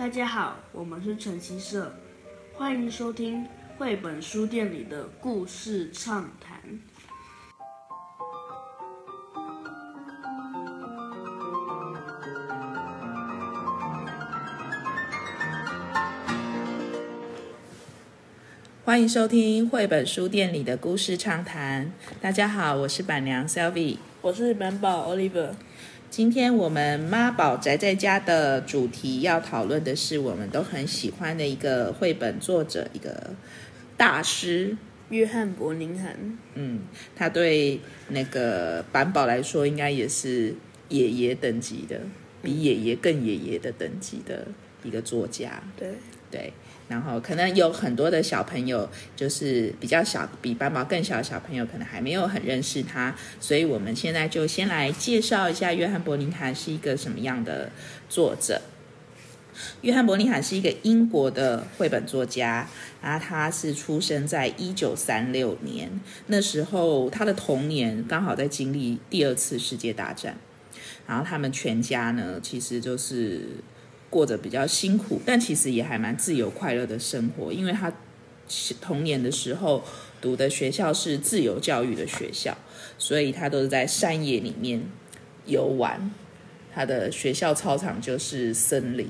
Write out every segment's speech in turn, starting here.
大家好，我們是晨熹社，歡迎收聽繪本書店裡的故事暢談。歡迎收聽繪本書店裡的故事暢談。大家好，我是板娘 Sylvie，我是板寶 Oliver。今天我們媽寶宅在家的主題要討論的是我們都很喜歡的一個繪本作者，一個大師——約翰·伯寧罕。嗯，他對那個版寶來說，應該也是爺爺等級的，比爺爺更爺爺的等級的。一個作家，對對，然後可能有很多的小朋友，就是比較小，比媽寶更小的小朋友，可能還沒有很認識他，所以我們現在就先來介紹一下約翰伯寧罕是一個什麼樣的作者。約翰伯寧罕是一個英國的繪本作家，然後他是出生在一九三六年，那時候他的童年剛好在經歷第二次世界大戰，然後他們全家呢，其實就是。過着比較辛苦，但其實也還蠻自由快樂的生活。因為他童年的時候讀的學校是自由教育的學校，所以他都是在山野裡面遊玩。他的學校操場就是森林，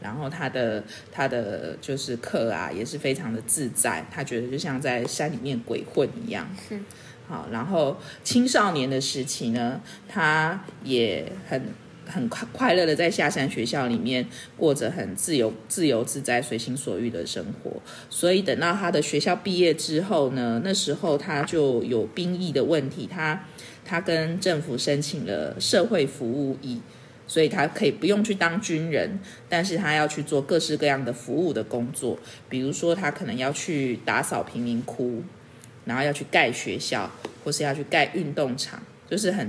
然後他的他的就是課啊，也是非常的自在。他覺得就像在山裡面鬼混一樣。是好。然後青少年的時期呢，他也很。很快快樂的在下山學校裡面過着很自由、自由自在、隨心所欲的生活。所以等到他的學校畢業之後呢，那時候他就有兵役的問題，他他跟政府申請了社會服務役，所以他可以不用去當軍人，但是他要去做各式各樣的服務的工作，比如說他可能要去打掃貧民窟，然後要去蓋學校，或是要去蓋運動場。就是很，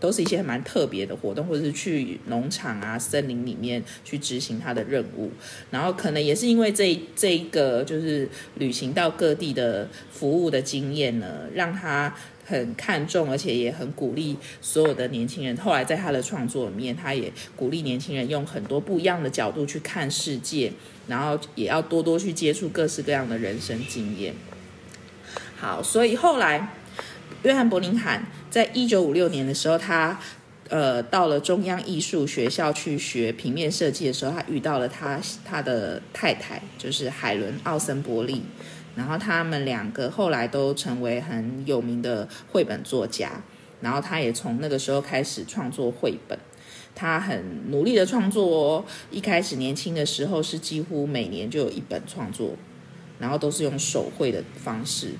都是一些蠻特別的活動，或者是去農場啊、森林裡面去執行他的任務。然後可能也是因為這這個就是旅行到各地的服務的經驗呢，讓他很看重，而且也很鼓勵所有的年輕人。後來在他的創作裡面，他也鼓勵年輕人用很多不一樣的角度去看世界，然後也要多多去接觸各式各樣的人生經驗。好，所以後來。約翰·伯寧罕在1956年的時候他，他呃到了中央藝術學校去學平面設計的時候，他遇到了他他的太太，就是海倫·奧森伯利。然後他們兩個後來都成為很有名的繪本作家。然後他也從那個時候開始創作繪本。他很努力的創作哦，一開始年輕的時候是幾乎每年就有一本創作，然後都是用手繪的方式。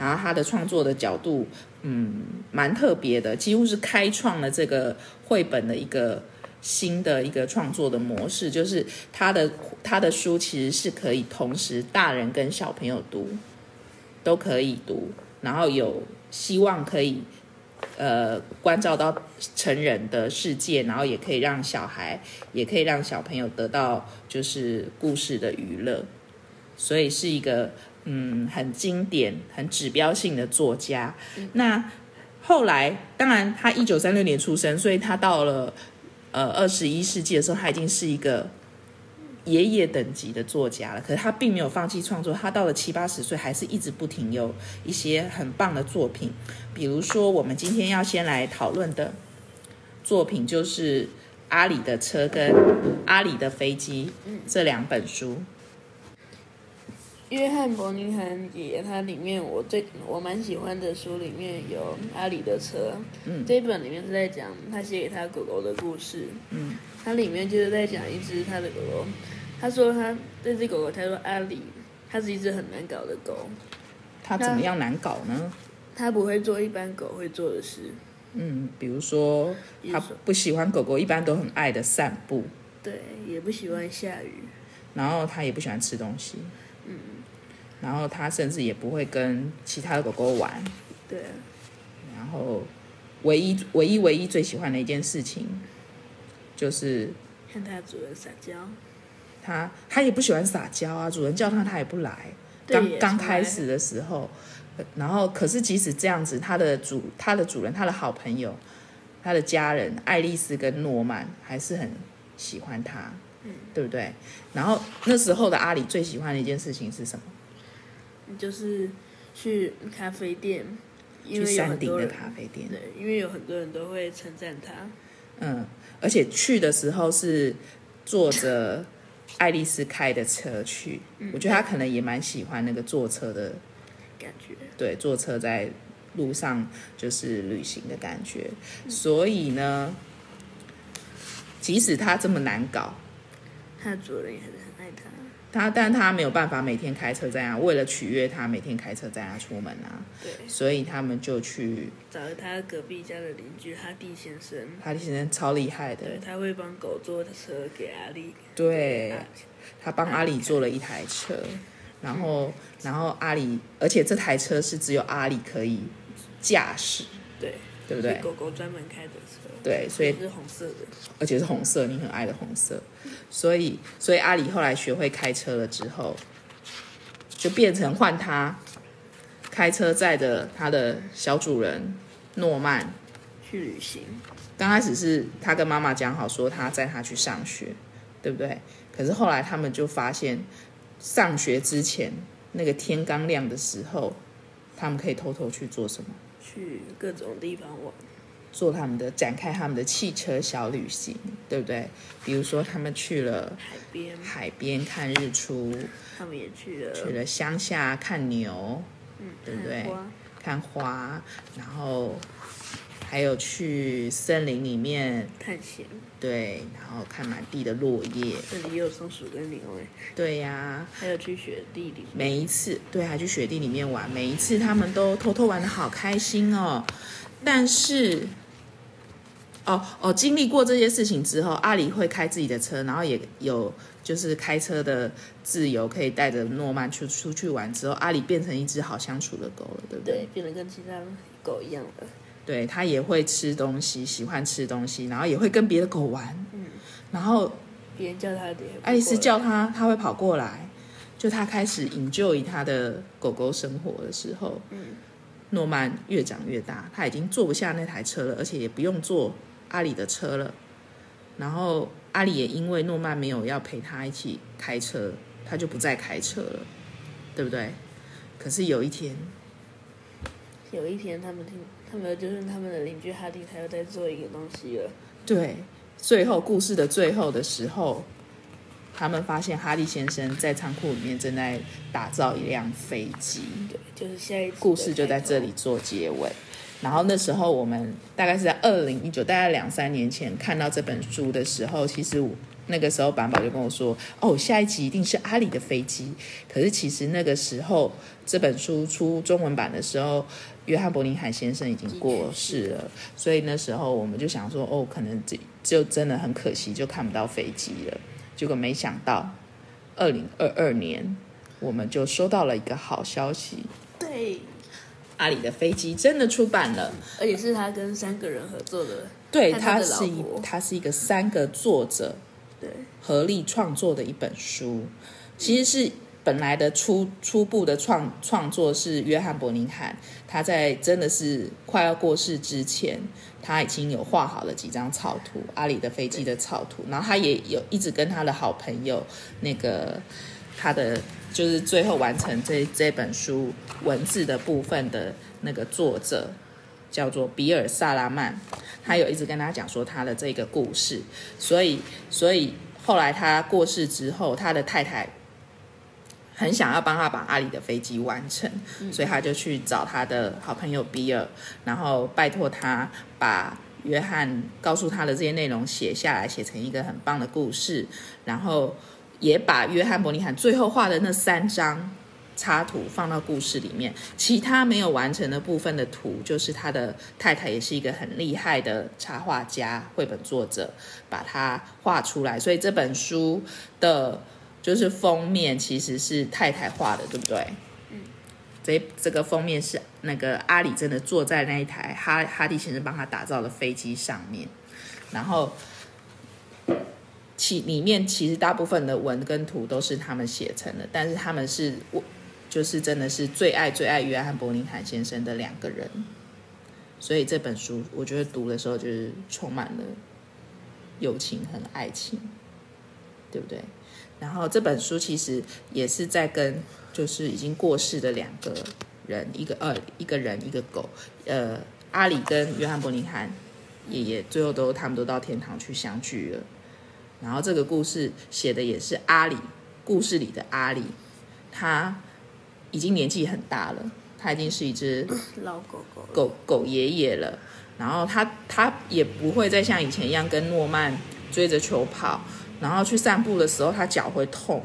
然後他的創作的角度，嗯，蠻特別的，幾乎是開創了這個繪本的一個新的一個創作的模式，就是他的他的書其實是可以同時，大人跟小朋友讀都可以讀，然後有希望可以呃關照到成人的世界，然後也可以讓小孩，也可以讓小朋友得到就是故事的娛樂，所以是一個。嗯，很經典、很指標性的作家。那後來，當然，他一九三六年出生，所以他到了呃二十一世紀的時候，他已經是一個爺爺等級的作家了。可是他並沒有放棄創作，他到了七八十歲還是一直不停有一些很棒的作品。比如說，我們今天要先來討論的作品，就是阿里的車跟阿里的飛機這兩本書。約翰伯寧罕也，他裡面我最我蠻喜歡的書裡面有阿里的車，嗯，這一本裡面是在講他寫給他狗狗的故事，嗯，它裡面就是在講一隻他的狗狗，他說他這隻狗狗，他說阿里，它是一隻很難搞的狗，它怎麼樣難搞呢？它不會做一般狗會做的事，嗯，比如說它不喜歡狗狗一般都很愛的散步，對，也不喜歡下雨，然後它也不喜歡吃東西。然後他甚至也不會跟其他的狗狗玩。對。然後，唯一唯一唯一最喜歡的一件事情，就是，和他的主人撒嬌。他他也不喜歡撒嬌啊！主人叫他他也不來。對耶。剛剛開始的時候，然後可是即使這樣子，他的主他的主人、他的好朋友、他的家人愛麗絲跟諾曼還是很喜歡他，嗯，對不對？然後那時候的阿里最喜歡的一件事情是什麼？就是去咖啡店，就是山頂的咖啡店，對，因為有很多人都會稱讚他。嗯，而且去的時候是坐着愛麗絲開的車去， 我覺得他可能也蠻喜歡那個坐車的感覺。對，坐車在路上就是旅行的感覺，嗯、所以呢，即使他這麼難搞，他的主人也很。他，但他沒有辦法每天開車這樣，為了取悅他，每天開車這樣出門啊。對。所以他們就去找他隔壁家的鄰居，哈迪先生。哈迪先生超厲害的。對，他會幫狗做車給阿里。對。阿他幫阿里做了一台車，啊、然後，然後阿里，而且這台車是只有阿里可以駕駛。對。對不對？是狗狗專門開的車，對，所以是紅色的，而且是紅色，你很愛的紅色。所以，所以阿里後來學會開車了之後，就變成換他開車載着他的小主人諾曼去旅行。剛開始是他跟媽媽講好說他載他去上學，對不對？可是後來他們就發現，上學之前那個天剛亮的時候，他們可以偷偷去做什麼？去各種地方玩，做他們的展開他們的汽車小旅行，對不對？比如說他們去了海邊，海邊看日出，他們也去了去了鄉下看牛，嗯，對不對？看花，看花，然後還有去森林裡面探險。對，然後看滿地的落葉，這裡也有松鼠跟鳥類、欸。對呀、啊，還有去雪地裡。每一次，對、啊，還去雪地裡面玩。每一次他們都偷偷玩的好開心哦，但是，哦哦，經歷過這些事情之後，阿里會開自己的車，然後也有就是開車的自由，可以帶着諾曼去出去玩。之後，阿里變成一隻好相處的狗了，對不對？對，變得跟其他狗一樣了。對，他也會吃東西，喜歡吃東西，然後也會跟別的狗玩。嗯，然後別人叫他的，阿里斯叫他，他會跑過來。就他開始 enjoy 他的狗狗生活的時候，嗯，諾曼越長越大，他已經坐不下那台車了，而且也不用坐阿里的車了。然後阿里也因為諾曼沒有要陪他一起開車，他就不再開車了，對不對？可是有一天，有一天他們聽。他們就是他們的鄰居哈利，他又在做一個東西了。對，最後故事的最後的時候，他們發現哈利先生在倉庫裡面正在打造一輛飛機。對，就是現在故事就在這裡做結尾。然後那時候我們大概是在二零一九，大概兩三年前看到這本書的時候，其實我。那個時候，板板就跟我說：“哦，下一集一定是阿里的飛機。”可是其實那個時候，這本書出中文版的時候，約翰伯寧罕先生已經過世了。所以那時候我們就想說：“哦，可能這就真的很可惜，就看不到飛機了。”結果沒想到，二零二二年，我們就收到了一個好消息：對，阿里的飛機真的出版了，而且是他跟三個人合作的。對，他，他是他是一個三個作者。對，合力創作的一本書，其實是本來的初初步的創創作是約翰伯寧罕，他在真的是快要過世之前，他已經有畫好了幾張草圖，阿里的飛機的草圖，對然後他也有一直跟他的好朋友，那個他的就是最後完成這這本書文字的部分的那個作者。叫做比爾薩拉曼，他有一直跟他講說他的這個故事，所以，所以後來他過世之後，他的太太很想要幫他把阿里的飛機完成，所以他就去找他的好朋友比爾，然後拜託他把約翰告訴他的這些內容寫下來，寫成一個很棒的故事，然後也把約翰伯寧罕最後畫的那三張。插圖放到故事裡面，其他沒有完成的部分的圖就是他的太太也是一個很厲害的插畫家、繪本作者，把它畫出來。所以這本書的，就是封面其實是太太畫的，對不對？嗯。這這個封面是那個阿里真的坐在那一台哈哈蒂先生幫他打造的飛機上面，然後其裡面其實大部分的文跟圖都是他們寫成的，但是他們是我，就是真的是最愛最愛約翰伯寧罕先生的兩個人，所以這本書我覺得讀的時候就是充滿了友情和愛情，對不對？然後這本書其實也是在跟就是已經過世的兩個人，一個二、呃、一個人一個狗，呃阿里跟約翰伯寧罕，也也最後都他們都到天堂去相聚了。然後這個故事寫的也是阿里故事裡的阿里，他。已經年紀很大了，他已經是一隻狗老狗狗狗狗爺爺了。然後他他也不會再像以前一樣跟諾曼追着球跑，然後去散步的時候他腳會痛。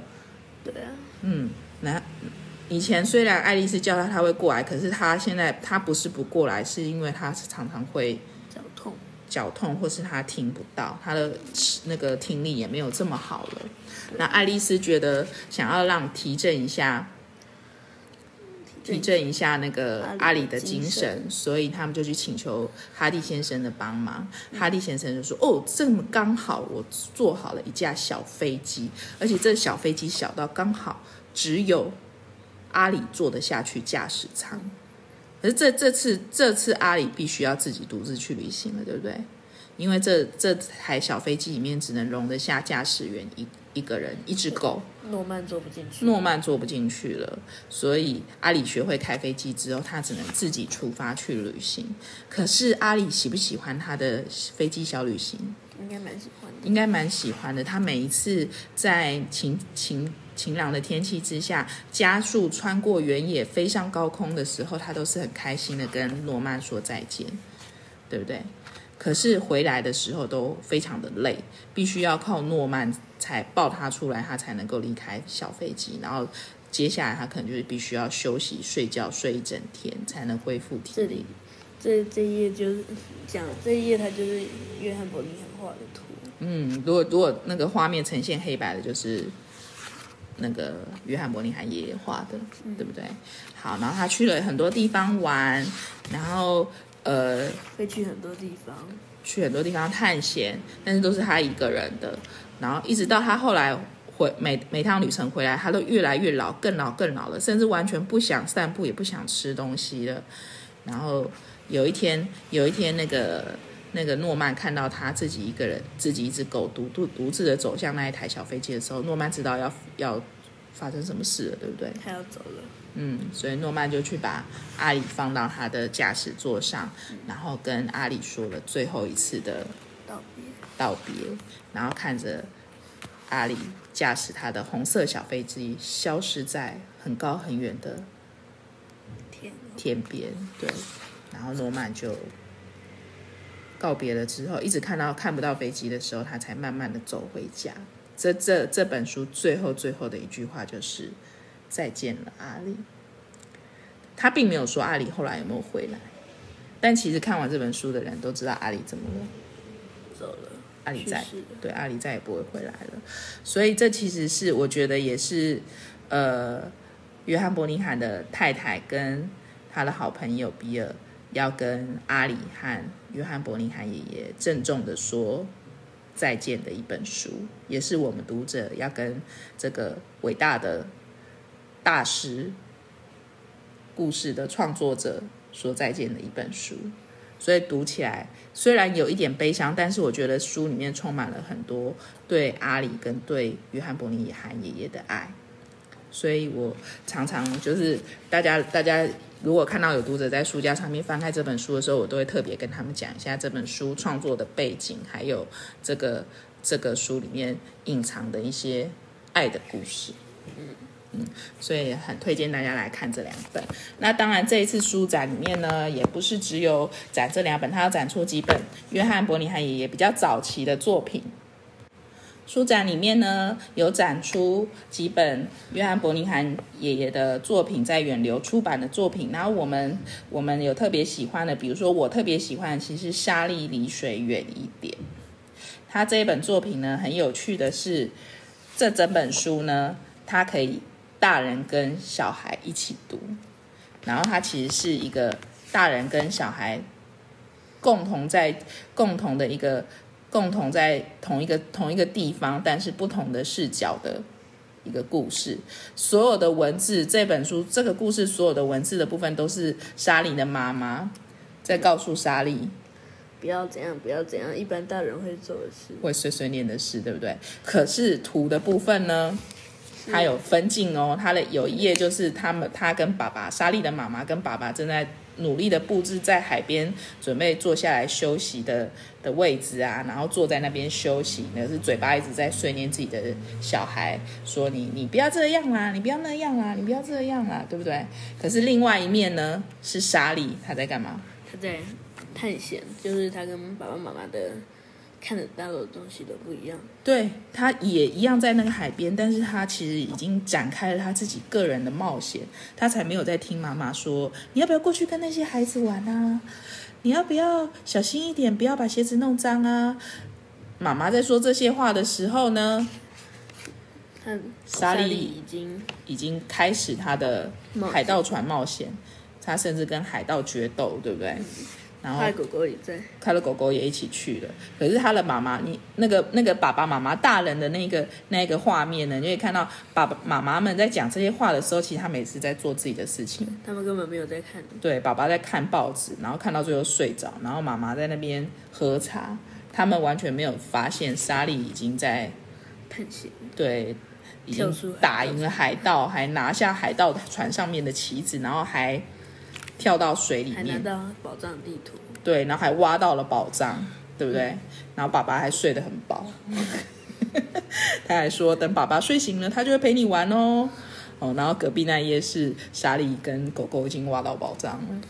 對啊。嗯，那以前雖然愛麗絲叫他，他會過來，可是他現在他不是不過來，是因為他常常會腳痛，腳痛或是他聽不到，他的那個聽力也沒有這麼好了。對那愛麗絲覺得想要讓提振一下。提振一下那個阿里的精神，精神，所以他們就去請求哈利先生的幫忙。哈利先生就說：“哦，這麼剛好，我做好了一架小飛機，而且這小飛機小到剛好只有阿里坐得下去駕駛艙。可是這這次這次阿里必須要自己獨自去旅行了，對不對？因為這這台小飛機裡面只能容得下駕駛員一。”一個人，一只狗，諾曼坐不進去，諾曼坐不進去了，所以阿裡學會開飛機之後，他只能自己出發去旅行。可是阿裡喜不喜歡他的飛機小旅行？應該蠻喜歡的，應該蠻喜歡的。他每一次在晴晴，晴晴朗的天氣之下，加速穿過原野，飛向高空的時候，他都是很開心的跟諾曼說再見，對不對？可是回來的時候都非常的累，必須要靠諾曼。才抱他出來，他才能夠離開小飛機。然後接下來他可能就是必須要休息、睡覺，睡一整天才能恢復體力。這這，這一頁就是講，這一頁他就是約翰伯寧罕畫的圖。嗯，如果如果那個畫面呈現黑白的，就是那個約翰伯寧罕爺爺畫的，嗯、對不對？好，然後他去了很多地方玩，然後。呃，會去很多地方，去很多地方探險，但是都是他一個人的。然後一直到他後來回，每，每趟旅程回來，他都越來越老，更老更老了，甚至完全不想散步，也不想吃東西了。然後有一天，有一天那個那個諾曼看到他自己一個人，自己一隻狗獨獨獨自的走向那一台小飛機的時候，諾曼知道要要發生什麼事了，對不對？他要走了。嗯，所以諾曼就去把阿里放到他的駕駛座上，然後跟阿里說了最後一次的道別，道別，然後看着阿里駕駛他的紅色小飛機消失在很高很遠的天天邊，對，然後諾曼就告別了之後，一直看到看不到飛機的時候，他才慢慢的走回家。這這這本書最後最後的一句話就是，再見了，阿里。他並沒有說阿里後來有沒有回來，但其實看完這本書的人都知道阿里怎麼了，走了。阿里再對阿里再也不會回來了，所以這其實是我覺得也是呃，約翰·伯寧罕的太太跟他的好朋友比爾要跟阿里和約翰·伯寧罕爺爺鄭重的說再見的一本書，也是我們讀者要跟這個偉大的大師故事的創作者說再見的一本書，所以讀起來雖然有一點悲傷，但是我覺得書裡面充滿了很多對阿里跟對約翰伯寧罕爺爺的愛，所以我常常就是大家大家如果看到有讀者在書架上面翻開這本書的時候，我都會特別跟他們講一下這本書創作的背景，還有這個這個書裡面隱藏的一些愛的故事。所以很推薦大家來看這兩本。那當然，這一次書展裡面呢，也不是只有展這兩本，它要展出幾本約翰伯寧罕爺爺比較早期的作品。書展裡面呢，有展出幾本約翰伯寧罕爺爺的作品，在遠流出版的作品。然後我們我們有特別喜歡的，比如說我特別喜歡的，其實是莎莉，離水遠一點。他這一本作品呢，很有趣的是，這整本書呢，它可以。大人跟小孩一起讀，然後它其實是一個大人跟小孩共同在共同的一個共同在同一個同一個地方，但是不同的視角的一個故事。所有的文字，這本書這個故事所有的文字的部分都是莎莉的媽媽在告訴莎莉，嗯，不要這樣，不要這樣，一般大人會做的事，會碎碎念的事，對不對？可是圖的部分呢？嗯、他有分鏡哦，他的有一頁就是他們，他跟爸爸、莎莉的媽媽跟爸爸正在努力的佈置在海邊準備坐下來休息的的位置啊，然後坐在那邊休息，那、就是嘴巴一直在碎念自己的小孩說，你你不要這樣啦，你不要那樣啦，你不要這樣啦，對不對？可是另外一面呢，是莎莉，他在幹嘛？他在探險，就是他跟爸爸媽媽的。看得到的東西都不一樣，對，他也一樣在那個海邊，但是他其實已經展開了他自己個人的冒險，他才沒有在聽媽媽說，你要不要過去跟那些孩子玩啊？你要不要小心一點，不要把鞋子弄髒啊？媽媽在說這些話的時候呢，莎莉看 Sally 已經已經開始他的海盜船冒險，冒險，他甚至跟海盜決鬥，對不對？嗯然後他的狗狗也在，他的狗狗也一起去了。可是他的媽媽，你那個那個爸爸媽媽大人的那個那個畫面呢？你可以看到爸爸媽媽們在講這些話的時候，其實他每次在做自己的事情。他們根本沒有在看。對，爸爸在看報紙，然後看到最後睡着，然後媽媽在那邊喝茶。他們完全沒有發現莎莉已經在探險，行對，已經打贏了海盜，還拿下海盜船上面的旗子，然後還，跳到水裡面，還拿到寶藏的地圖，對，然後還挖到了寶藏，嗯、對不對？嗯、然後爸爸還睡得很飽， 他還說等爸爸睡醒了，他就會陪你玩哦。哦，然後隔壁那頁是莎莉跟狗狗已經挖到寶藏了。嗯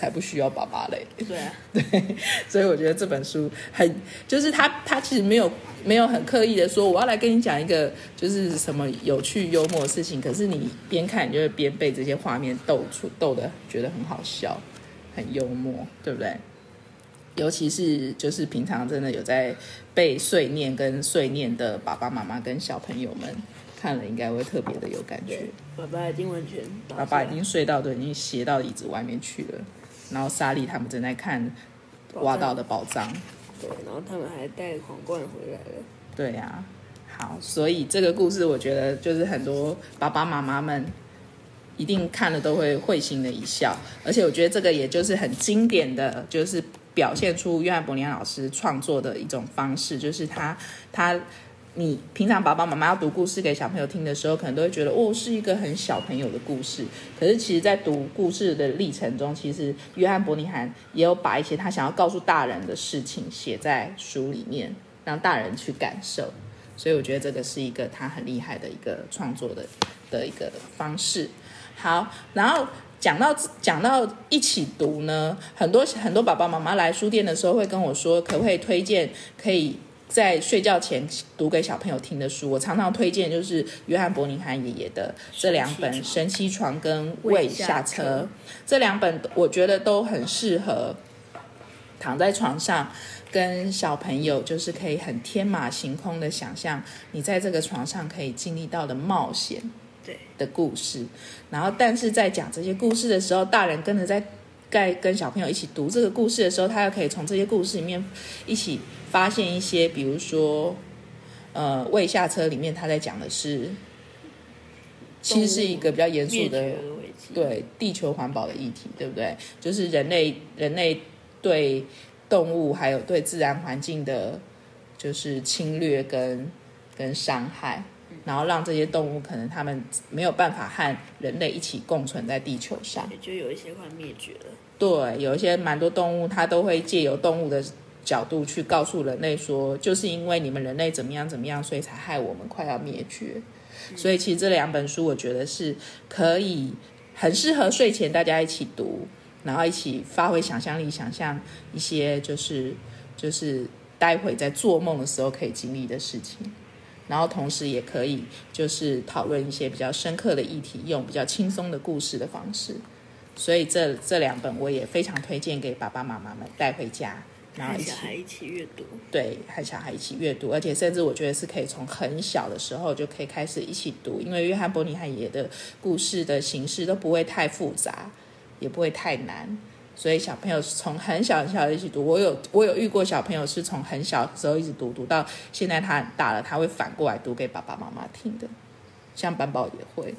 才不需要爸爸嘞。對啊，對，所以我覺得這本書很，就是他他其實沒有沒有很刻意的說我要來跟你講一個就是什麼有趣幽默的事情，可是你邊看你就會邊被這些畫面逗出逗得覺得很好笑，很幽默，對不對？尤其是就是平常真的有在被碎念跟碎念的爸爸媽媽跟小朋友們看了應該會特別的有感覺。爸爸已經完全，拜拜爸爸已經睡到都已經斜到椅子外面去了。然後莎莉他們正在看挖到的寶藏，對，然後他們還帶皇冠回來了。對呀、啊，好，所以這個故事我覺得就是很多爸爸媽媽們一定看了都會會心的一笑，而且我覺得這個也就是很經典的，就是表現出約翰伯寧罕老師創作的一種方式，就是他他。你平常爸爸媽媽要讀故事給小朋友聽的時候，可能都會覺得哦，是一個很小朋友的故事。可是其實，在讀故事的歷程中，其實約翰伯寧罕也有把一些他想要告訴大人的事情寫在書裡面，讓大人去感受。所以我覺得這個是一個他很厲害的一個創作的的一個方式。好，然後講到講到一起讀呢，很多很多爸爸媽媽來書店的時候會跟我說，可不可以推薦可以。在睡覺前讀給小朋友聽的書，我常常推薦就是約翰伯寧罕爺爺的這兩本《神奇床》跟《喂！下車》，這兩本我覺得都很適合躺在床上跟小朋友，就是可以很天馬行空的想象你在這個床上可以經歷到的冒險，對的故事。然後，但是在講這些故事的時候，大人跟着在，在跟小朋友一起讀這個故事的時候，他又可以從這些故事裡面一起發現一些，比如說，呃，《喂！下車》裡面他在講的是，物其實是一個比較嚴肅的，的對地球環保的議題，對不對？就是人類人類對動物還有對自然環境的，就是侵略跟跟傷害。然後讓這些動物可能它們沒有辦法和人類一起共存在地球上，也就有一些快滅絕了。對，有一些蠻多動物，它都會借由動物的角度去告訴人類說，就是因為你們人類怎麼樣怎麼樣，所以才害我們快要滅絕。所以其實這兩本書，我覺得是可以很適合睡前大家一起讀，然後一起發揮想象力，想象一些就是就是待會在做夢的時候可以經歷的事情。然後同時也可以就是討論一些比較深刻的議題，用比較輕鬆的故事的方式。所以這這兩本我也非常推薦給爸爸媽媽們帶回家，然後一起還一起閱讀。對，和小孩一起閱讀，而且甚至我覺得是可以從很小的時候就可以開始一起讀，因為約翰伯寧罕爺的故事的形式都不會太複雜，也不會太難。所以小朋友是從很小很小一起讀，我有我有遇過小朋友是從很小的時候一直讀，讀到現在他很大了，他會反過來讀給爸爸媽媽聽的，像媽寶也會，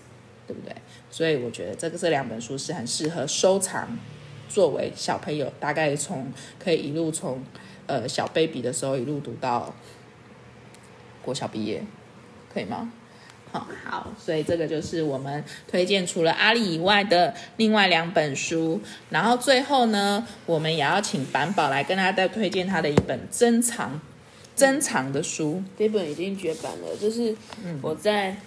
對不對？所以我覺得這個這兩本書是很適合收藏，作為小朋友大概從可以一路從，呃小 baby 的時候一路讀到，國小畢業，可以嗎？好、哦，好，所以這個就是我們推薦除了阿里以外的另外兩本書。然後最後呢，我們也要請板寶來跟大家推薦他的一本珍藏、珍藏的書。這本已經絕版了，就是我在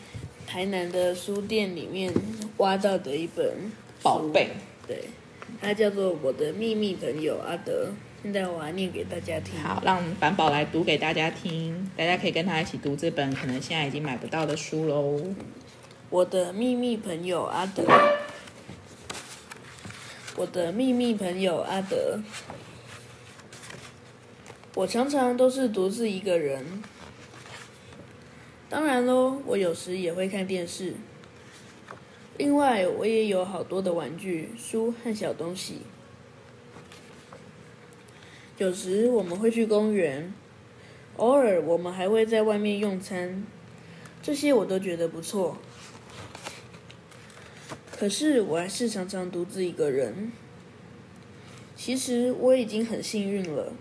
台南的書店裡面挖到的一本寶貝。對，它叫做《我的秘密朋友阿德》。現在我來念給大家聽。好，讓凡寶來讀給大家聽，大家可以跟他一起讀這本可能現在已經買不到的書嘍。我的秘密朋友阿德，我的秘密朋友阿德，我常常都是獨自一個人。當然嘍，我有時也會看電視。另外，我也有好多的玩具、書和小東西。有時我們會去公園，偶爾我們還會在外面用餐，這些我都覺得不錯。可是我還是常常獨自一個人。其實我已經很幸運了，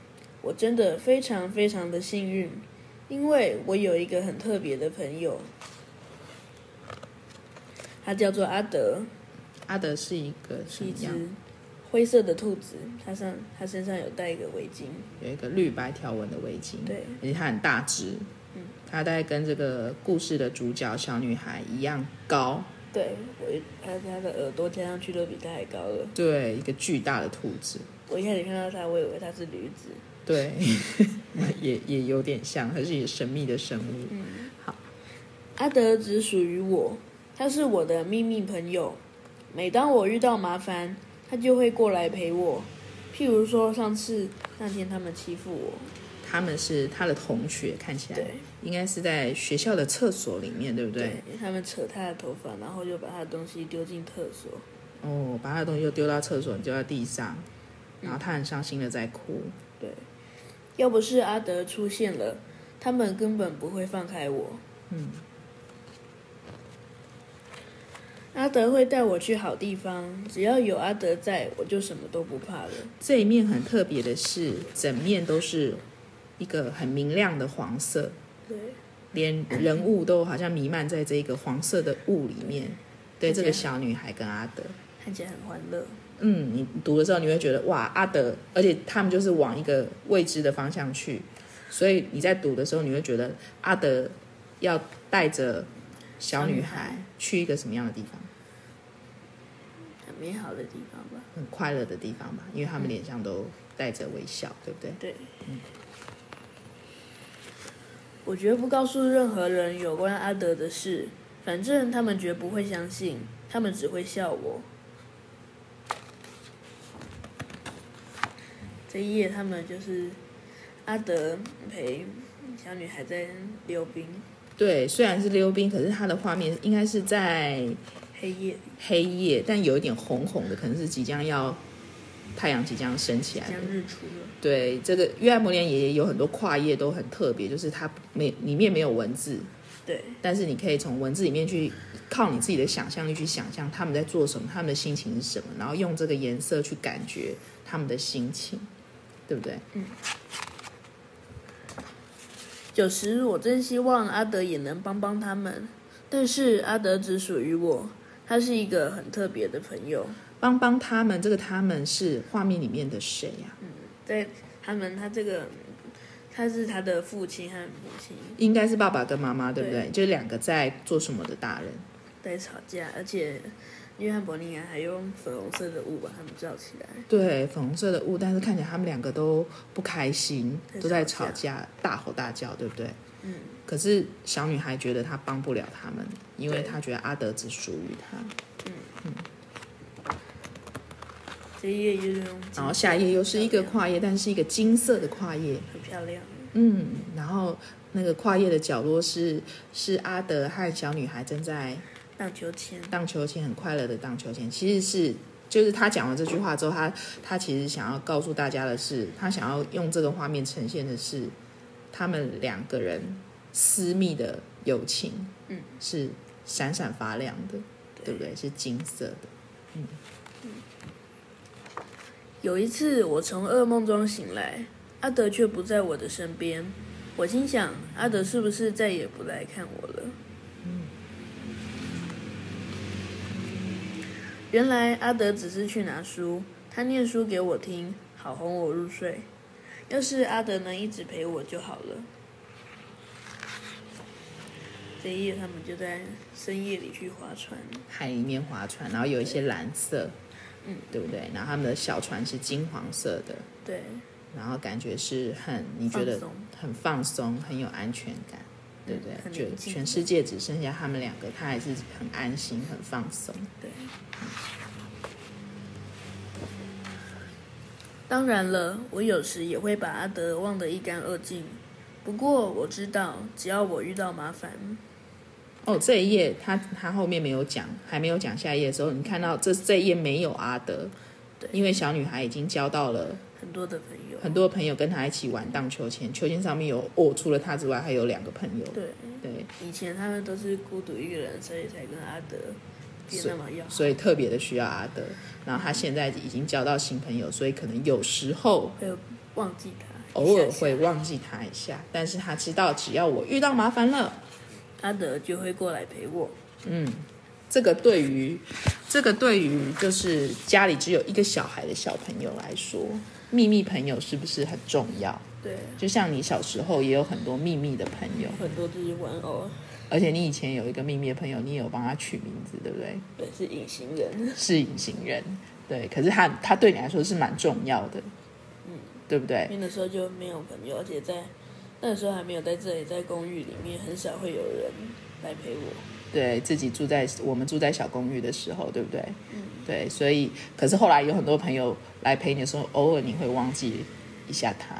我真的非常非常的幸運，因為我有一個很特別的朋友，他叫做阿德。阿德是一個什麼？一只灰色的兔子，它上它身上有戴一個圍巾，有一個綠白條紋的圍巾，對，而且它很大隻，嗯，它大概跟這個故事的主角小女孩一樣高，對，我它的耳朵加上去都比它還高了，對，一個巨大的兔子。我一開始看到它，我以為它是驢子，對， 也也有點像，它是一個神秘的生物。嗯、好，阿德只屬於我，它是我的秘密朋友，每當我遇到麻煩。他就會過來陪我，譬如說上次那天他們欺負我，他們是他的同學，看起來應該是在學校的廁所裡面，對,對不對,對？他們扯他的頭髮，然後就把他的東西丟進廁所。哦，把他的東西又丟到廁所，丟到地上，然後他很傷心的在哭。嗯，對，要不是阿德出現了，他們根本不會放開我。嗯。阿德會帶我去好地方，只要有阿德在，我就什麼都不怕了。這一面很特別的是，整面都是一個很明亮的黃色，對，連人物都好像瀰漫在這一個黃色的霧裡面。對，對這個小女孩跟阿德看起來很歡樂。嗯，你讀的時候你會覺得哇，阿德，而且他們就是往一個未知的方向去，所以你在讀的時候你會覺得阿德要帶着。小女孩去一個什麼樣的地方？很美好的地方吧，很快樂的地方吧，因為他們臉上都帶着微笑，嗯、對不對？對，嗯、我絕不告訴任何人有關阿德的事，反正他們絕不會相信，他們只會笑我。這一頁，他們就是阿德陪小女孩在溜冰。對，雖然是溜冰，可是它的畫面應該是在黑夜，黑夜，但有一點紅紅的，可能是即將要太陽即將升起來的，即將日出了。對，這個《月亮魔蓮》也有很多跨頁都很特別，就是它沒裡面沒有文字，對，但是你可以從文字裡面去靠你自己的想象力去想象他們在做什麼，他們的心情是什麼，然後用這個顏色去感覺他們的心情，對不對？嗯。有時我真希望阿德也能幫幫他們，但是阿德只屬於我，他是一個很特別的朋友。幫幫他們，這個他們是畫面裡面的誰呀、啊？在、嗯、他們，他這個他是他的父親和母親，應該是爸爸跟媽媽，對不對？對，就兩個在做什麼的大人，在吵架，而且。約翰伯寧罕還用粉紅色的霧把他們罩起來。對，粉紅色的霧，但是看起來他們兩個都不開心，都在吵架、大吼大叫，對不對？嗯、可是小女孩覺得她幫不了他們，因為她覺得阿德只屬於她。嗯對嗯。這一頁又是用，然後下一頁又是一個跨頁，但是一個金色的跨頁，很漂亮。嗯，然後那個跨頁的角落是是阿德和小女孩正在。盪秋千，盪秋千，很快樂的盪秋千。其實是，就是他講完這句話之後，他他其實想要告訴大家的是，他想要用這個畫面呈現的是，他們兩個人私密的友情，嗯，是閃閃發亮的，對，對不對？是金色的，嗯。有一次，我從噩夢中醒來，阿德卻不在我的身邊，我心想，阿德是不是再也不來看我了？原來阿德只是去拿書，他念書給我聽，好哄我入睡。要是阿德能一直陪我就好了。這一夜，他們就在深夜裡去划船，海裡面划船，然後有一些藍色，嗯，對不對？然後他們的小船是金黃色的，對。然後感覺是很，你覺得很放鬆，很有安全感。對對，就全世界只剩下他們兩個，他還是很安心、很放鬆。對。當然了，我有時也會把阿德忘得一乾二淨。不過我知道，只要我遇到麻煩，哦，這一頁他他後面沒有講，還沒有講下一頁的時候，你看到這這一頁沒有阿德。對，因為小女孩已經交到了很多的朋友。很多朋友跟他一起玩盪秋千，秋千上面有哦，除了他之外還有兩個朋友。對對，對以前他們都是孤獨一個人，所以才跟阿德那麼要所好。所以特別的需要阿德。然後他現在已經交到新朋友，嗯，所以可能有時候會忘記他一下下，偶爾會忘記他一下。但是他知道，只要我遇到麻煩了，阿德就會過來陪我。嗯，這個對於這個對於就是家裡只有一個小孩的小朋友來說，祕密朋友是不是很重要？對，就像你小時候也有很多秘密的朋友，很多就是玩偶。而且你以前有一個秘密的朋友，你也有幫他取名字，對不對？對，是隱形人，是隱形人。對，可是他他對你來說是蠻重要的，嗯，對不對？那時候就沒有朋友，而且在那時候還沒有在這裡，在公寓裡面很少會有人來陪我。對自己，住在我們住在小公寓的時候，對不對？嗯，對，所以可是後來有很多朋友來陪你的時候，偶爾你會忘記一下他，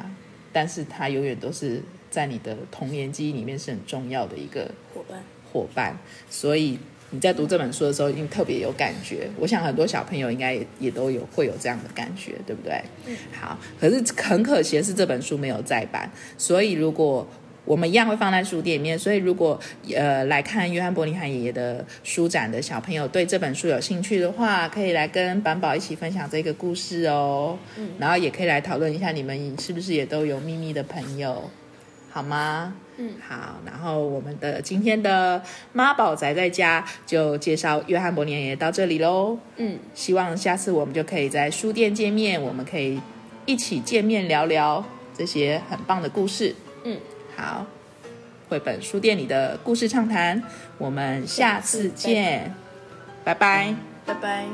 但是他永遠都是在你的童年記憶裡面是很重要的一個夥伴夥伴。所以你在讀這本書的時候，一定特別有感覺。我想很多小朋友應該也也都有會有這樣的感覺，對不對？嗯，好。可是很可惜的是這本書沒有再版，所以如果。我們一樣會放在書店裡面，所以如果呃來看約翰伯寧罕爺爺的書展的小朋友對這本書有興趣的話，可以來跟板寶一起分享這個故事哦。嗯，然後也可以來討論一下你們是不是也都有秘密的朋友，好嗎？嗯，好。然後我們的今天的媽寶宅在家就介紹約翰伯寧罕爺爺到這裡嘍。嗯，希望下次我們就可以在書店見面，我們可以一起見面聊聊這些很棒的故事。嗯。好，繪本書店裡的故事暢談，我們下次見，嗯，拜拜，拜拜。